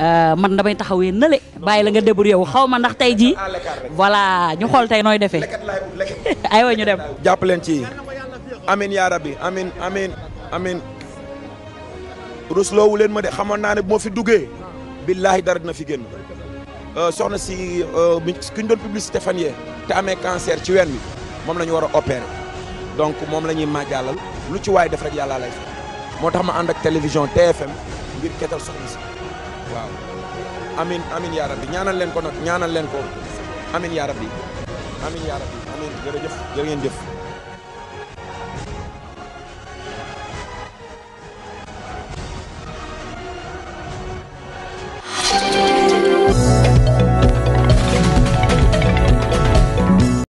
Euh, man damay taxawee nële bàyyi la nga débrouillé yow xaw ma ndax tey jii voilà ñu xool tey nooy defee aywa ñu dem. jàpp leen ci amin yaa rabbi amin amin amin rusloowu leen ma de xamoon naa ne bu ma fi duggee billaahi dara na fi génn euh, soxna si euh, ki ñu doon publicité fan te amee cancer ci ween wi moom la ñu war a opérer donc moom la ñuy maajaalal lu ci waay def rek yàllaa lay moo tax ma ànd ak télévision TFM ngir ketal soxna si waaw amin amin yaa rabbi ñaanal leen ko nag ñaanal leen ko amin yaa rabbi amin yaa rabbi amin jërëjëf jërë ngeen jëf